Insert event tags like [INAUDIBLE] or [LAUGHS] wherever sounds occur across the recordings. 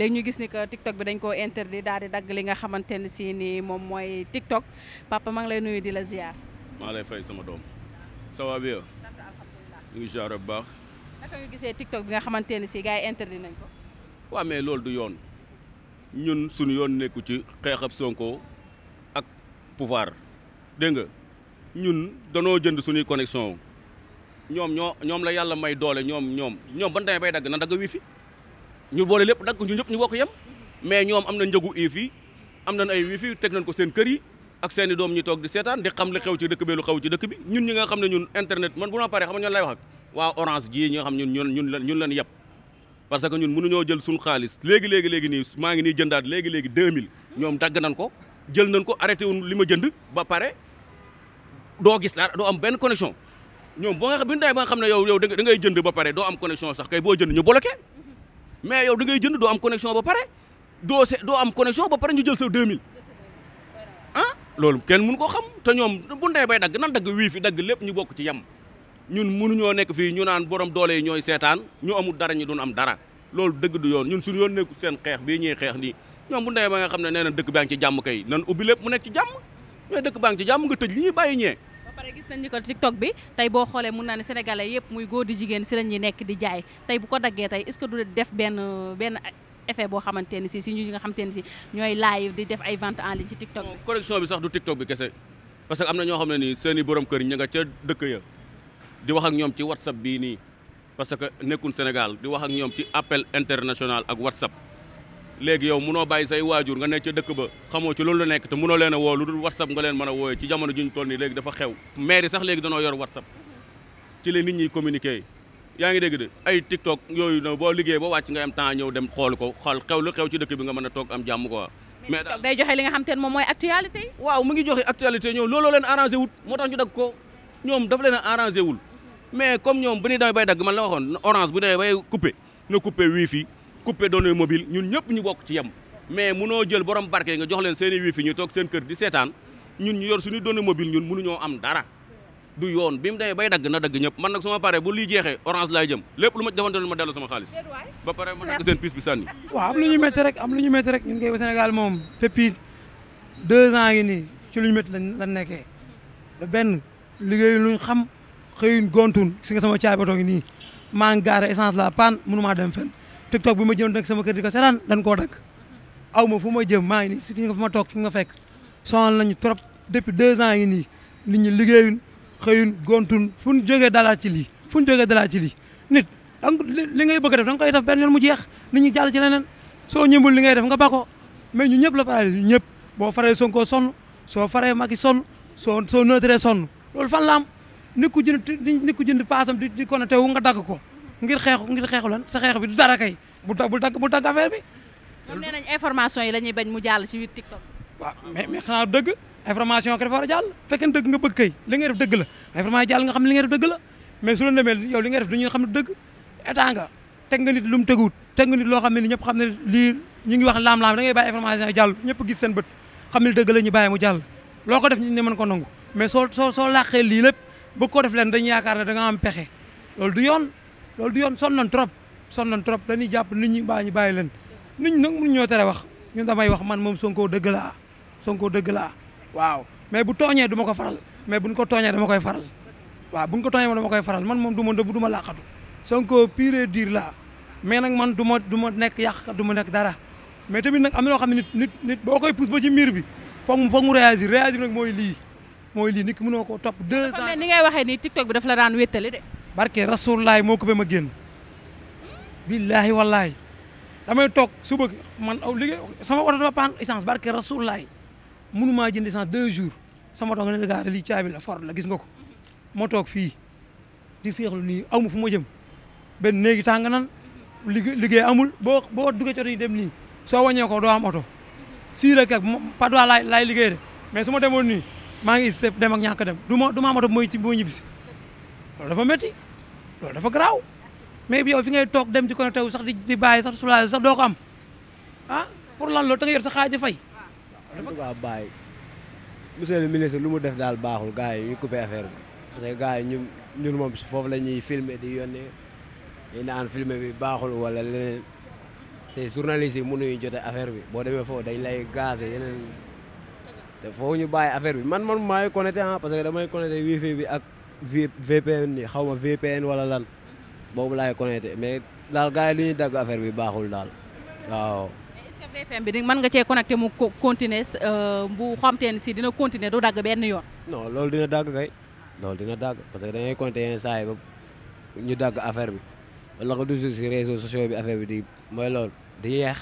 léegi ñu gis ni que TikTok bi dañ koo interdi daal di dagg li nga xamante ne si ni moom mooy TikTok papa maa ngi lay nuyu di la ziar. maa lay fay sama doom. ça va bien. ngi ziar bu baax. naka nga gisee TikTok bi nga xamante ne si gars yi interdit nañ ko. waaw mais loolu du yoon ñun suñu yoon nekku ci xeex ab Sonko ak pouvoir dégg nga ñun danoo jënd suñuy connexion ñoom ñoo ñoom la yàlla may doole ñoom ñoom ñoom ban demee bay dagg na dagg wifi ñu boole lépp dagg ñu ñëpp ñu bokk yem mais ñoom am na njëgu Wi-Fi am nañ ay Wi-Fi teg nañ ko seen kër yi ak seeni doom ñu toog di seetaan di xam li xew ci dëkk bi lu xew ci dëkk bi ñun ñi nga xam ne ñun internet man bu ma paree xam nga ñoon lay wax waa orange jii ñi xam ñun ñun ñun ñun lañ yëpp parce que ñun mënuñoo jël suñu xaalis léegi léegi nii maa ngi nii jëndaat léegi léegi 2000 ñoom dagg nañ ko jël nañ ko arrêté wuñ li ma jënd ba pare doo gis dara doo am benn connexion ñoom boo nga xam bi ñu ba nga xam ne yow yow da ngay jënd ba pare doo sax boo jënd ñu bloqué mais yow da ngay jënd doo am connexion ba pare doo se doo am connexion ba pare ñu jël sa 2000 ah loolu kenn mun ko xam te ñoom bu ndee bay dagg nan dagg wii fi dagg lépp ñu bokk ci yem ñun mënuñoo nekk fii ñu naan borom doole yi ñooy seetaan ñu amul dara ñu dun am dara loolu dëgg du yoon ñun suñu yoon nekk seen xeex bi ñuy xeex nii ñoom bu ndee nga xam ne nee na dëkk baa ngi ci jàmm kay nan ubbi lépp mu nekk ci jàmm mais dëkk baa ngi ci jàmm nga tëj li ñuy bàyyi ñee pare gis nañ ni ko TikTok bi tey boo xoolee mun naa ne sénégalais yëpp muy góor di jigéen si la nekk di jaay tey bu ko daggee tey est-ce que du def benn benn effet boo xamante ni si si ñu nga xamante ni si ñooy live di def ay vente en ligne ci TikTok bi. correction bi sax du TikTok bi kese parce que am na ñoo xam ne nii seen i borom kër ña nga ca dëkk ya di wax ak ñoom ci WhatsApp bii nii parce que nekkuñ Sénégal di wax ak ñoom ci appel international ak WhatsApp. léegi yow munoo bàyyi say waajur nga nekk ca ba xamoo ci loolu la nekk te munoo leen woo lu dul whatsapp nga leen mën a wooyee ci jamono juñ toll nii léegi dafa xew maire sax léegi danoo yor whatsapp ci la nit ñi communiquer yaa ngi dégg de ay tiktok yooyu na boo liggéey ba wàcc nga am temps ñëw dem xool ko xool xew lu xew ci dëkk bi nga mën a toog am jàmm quoi mais daal day joxe li xam te moom mooy actualité yi waaw mu ngi joxe actualité ñoom looloo leen arrangé wul moo tax ñu dagg ko ñoom daf wul mais comme ñoom bu ñuy demee bay dagg man la waxoon orange bu demee bay coupé na coupé données mobile ñun ñëpp ñu bokk ci yem mais munoo jël borom barke nga jox leen seen i ñu toog seen kër di seetaan ñun ñu yor suñu données mobile ñun mënuñoo am dara du yoon bi mu demee bay dagg na dagg ñëpp man nag su ma paree bu lii jeexee orange laay jëm lépp lu ma defante ma delloo sama xaalis ba pare ma dagg seen piis bi sànni waaw am lu ñu métti rek am lu ñu métti rek ñun koy Sénégal moom depuis deux ans yi nii ci lu ñu métti la nekkee da benn liggéey luñ xam xëyuñ gontun si nga sama caabi nii maa ngi gaare la panne mënumaa dem fenn TikTok bi ma jënd nag sama kër di ko seetaan dañ koo dagg aw ma fu ma jëm maa ngi nii fu ma toog fu nga fekk sonal nañu trop depuis deux ans yi nii nit ñi liggéeyun xëyun gontun fu ñu jógee dalaat ci lii fu ñu jógee dalaat ci lii nit donc li ngay bëgg a def da nga koy def benn yoon mu jeex nit ñi jàll ci leneen soo ñëmbul li ngay def nga bako me ñu ñëpp la paralysé ñu ñëpp boo faree Sonko son soo faree Macky sonn soo soo neutré sonn loolu fan lam am nit ku jënd nit ku jënd paasam di di connecté wu nga dagg ko ngir xeexu ngir xeexu lan sa xeex bi du dara kay bu tag bu tag bu tag bi. yi la ñuy bañ mu jàll ci biir TikTok. waaw mais mais xanaa dëgg information kay dafa war a jàll fekkee dëgg nga bëgg kay li nga def dëgg la nga xam li nga def la mais su la demee nga def dañuy ne dëgg état nga teg nga nit lu mu teguwut teg nga loo xam ne ñëpp xam ne lii ñu ngi wax laam-laam da ngay bàyyi information yi jàll ñëpp gis seen bët xam ne dëgg la ñu bàyyi mu jàll loo ko def ñu ne mën ko nangu mais soo soo soo làqee lii lépp bëgg koo def leen dañ yaakaar ne danga am pexe loolu du yoon loolu du yoon sonn nañ trop sonn nañ trop dañuy jàpp nit ñu baa ñu bàyyi leen nit ñi nag mënu ñoo tere wax ñun damay wax man moom Sonko dëgg laa Sonko dëgg laa waaw mais bu tooñee du ma ko faral mais buñ ko tooñee dama koy faral waaw buñ ko tooñee moom dama koy faral man moom du ma ndëbb du ma làqatu Sonko pire dire laa mais nag man du ma du ma nekk yàq du ma nekk dara mais tamit nag am na loo xam ne nit nit boo koy pousse ba ci miir bi foog mu foog mu réagir réagir nag mooy lii mooy lii nit ki mënoo topp deux ni ngay waxee nii TikTok bi daf la daan wéttali de. barke rasulullaay moo ko ba ma génn billaahi wallaahi damay toog suba man liggéey sama oto dafa paan essence barke rasulullaay mënu maa jënd essence deux jours sama oto nga ne gaara lii caabi la for la gis nga ko moo toog fii di féexlu nii aw ma fu ma jëm benn néegi tàng nan liggéey liggéey amul boo boo duggee coono yi dem nii soo wàññee ko doo am oto sii rek ak Padois laay laay liggéey de mais su ma demoon nii maa ngi dem ak ñàkk dem du ma du ma am oto bu may ñibbisi loolu dafa métti loolu dafa garaaw mais bi yow fi ngay toog dem di connecté wu sax di bàyyi sax soulagé sax doo ko am ah pour lan loolu da nga yor sa xaaji fay. en tout cas bàyyi monsieur lu mu def daal baaxul gars yi ñu coupé bi parce que gars yi ñun ñun moom foofu la ñuy filmer di yónnee ñu naan filmer bi baaxul wala leneen te journaliste yi mënuñu jote affaire bi boo demee foofu dañ lay gazé yeneen te foofu ñu bàyyi affaire bi man man maay connecté ah, parce que damay connecté wifi bi ak. VPN ni xaw ma VPN wala lan mhm. boobu laay connecté mais daal gars yi li dagg affaire bi baaxul daal waaw. est-ce VPN bi mën nga cee connecté mu continuer euh, bu xamte ne si dina continuer du dagg benn yoon. non loolu dina dagg kay loolu dina dagg parce que da ngay connecté yenn saa ñu dagg affaire bi wala ko toujours si réseaux sociaux bi affaire bi di mooy loolu di yeex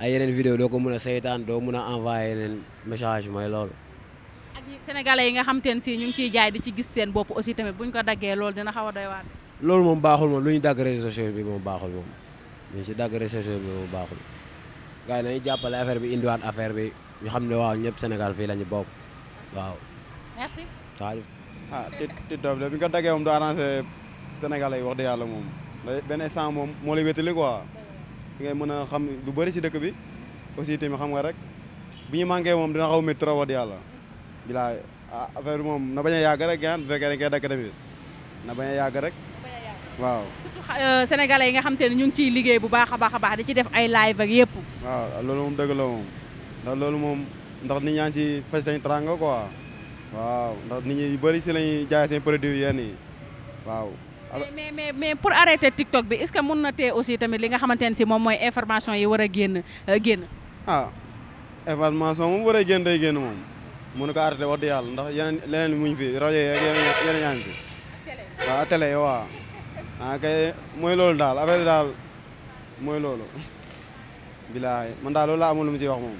ay yeneen vidéo doo ko mun a seytaan doo mun a envoyé yeneen message mooy loolu. sénégalais yi nga xam teen si ñu ngi ciy jaay di ci gis seen bopp aussi tamit bu ñu ko daggee loolu dina xaw a doy waar moom baaxul moom lu ñu dagg réseaux sociaux bi moom baaxul moom lu ñu si dagg réseaux sociaux bi baaxul gars yi nañu jàppale affaire bi indiwaat affaire bi ñu xam ne waaw ñëpp Sénégal fii lañu ñu bokk waaw merci jaajëf ah Titov de bi nga daggee moom du arrangé sénégalais yi wax dëgg yàlla moom benn instant moom moo lay wétali quoi si ngay mën a xam lu bëri si dëkk bi aussi tamit xam nga rek bu ñu manqué moom dina xaw métti trop wax bilaay ah affaire bi moom na bañ a yàgg rek gaan ah, bu fekkee dañ yàgg rek waaw surtout euh, yi nga xam te ne ñu ngi ciy liggéey bu baax a baax a baax di ci def ay live ak yëpp waaw loolu moom dëgg moom ndax loolu moom ndax nit ñaa si fay seen tranga quoi waaw ndax nit ñi bëri si lañuy jaay seen produit yenn yi waaw mais mais pour arrêter TikTok bi est-ce que mun na tee aussi tamit li nga xamante ne si moom mooy information yi war a génn euh, génn ah information moom war a génn day génn moom mënu ko arrêté wax dëgg ndax yeneen leneen muñ fi rajo yeeg yeneen ñaa ngi fi waaw télé yi waaw ah kay mooy loolu daal affaire daal mooy loolu [LAUGHS] bilaay man daal loolu laa mu ciy wax moom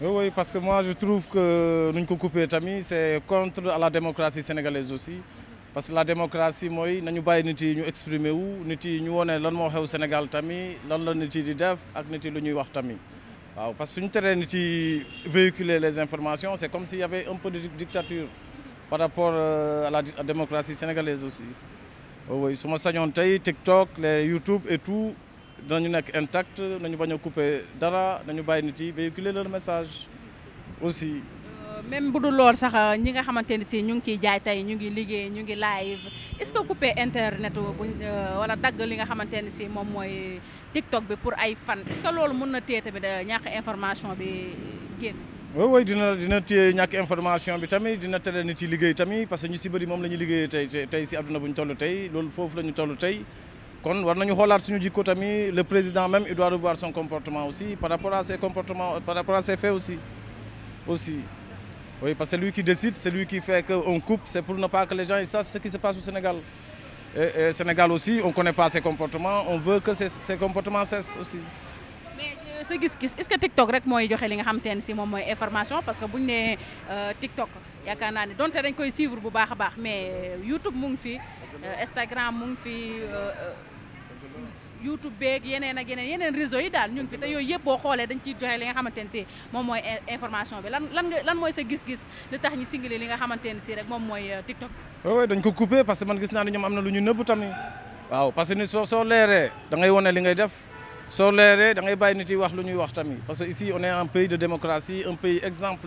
oui parce que moi je trouve que nu ko coupé tami c'est contre à la démocratie sénégalaise aussi parce que la démocratie mooy nañu bàyyi nit yi ñu exprimer wu nit yi ñu wone lan moo xew Sénégal tamit lan la nit di def ak nit yi lu ñuy wax tamit waaw parce que suñu tere nit yi véhiculer les informations c'est comme si y avait un peu de dictature par rapport euh, à la démocratie sénégalaise aussi oh, oui su ma sañoon tey TikTok les YouTube et tout dinañu nekk intact nañu bañ a couper dara nañu bàyyi nit yi véhiculer leur message aussi même bu du lool sax euh, ñi nga xamante ne si ñu ngi ciy jaay tey ñu ngi liggéey ñu ngi live est-ce que coupé internet buñ euh, wala dagg li nga xamante ne si moom mooy TikTok bi pour ay fan est-ce na téye tamit euh, ñàkk information bi génn. waaw waaw dina dina téye bi tamit dina tere nit yi liggéey tamit parce que ñu si bëri moom la ñuy liggéey tey tey si àdduna bu ñu toll tey loolu foofu la ñu toll tey. kon war nañu xoolaat suñu jikko tamit le président même il doit revoir son comportement aussi par rapport à ses comportements par rapport à ses Oui, parce que c'est lui qui décide, c'est lui qui fait on coupe, c'est pour ne pas que les gens ils sachent ce qui se passe au Sénégal. Et, et Sénégal aussi, on connaît pas ses comportements, on veut que ces, comportements cessent aussi. mais euh, sa gis-gis est-ce que TikTok rek mooy joxe li nga xamante ne si moom mooy information parce que bu nee euh, TikTok yaakaar naa ne donte dañ koy suivre bu baax a baax mais euh, YouTube mu ngi fi Instagram mu ngi fi. youtube beeg yeneen ak yeneen yeneen réseau yi daal ñu ngi fi te yooyu yëpp boo xoolee dañ ciy joxe li nga xamante ne si moom mooy information bi lan lan nga mooy sa gis-gis li tax ñu singale li nga xamante ne si rek moom mooy euh, TikTok. waaw dañ ko coupé parce que man gis naa ne ñoom am na lu ñu nëbb tamit waaw parce que ni soo soo leeree da ngay li ngay def soo leeree da ngay bàyyi wax lu ñuy wax tami parce que ici on est un pays de démocratie un pays exemple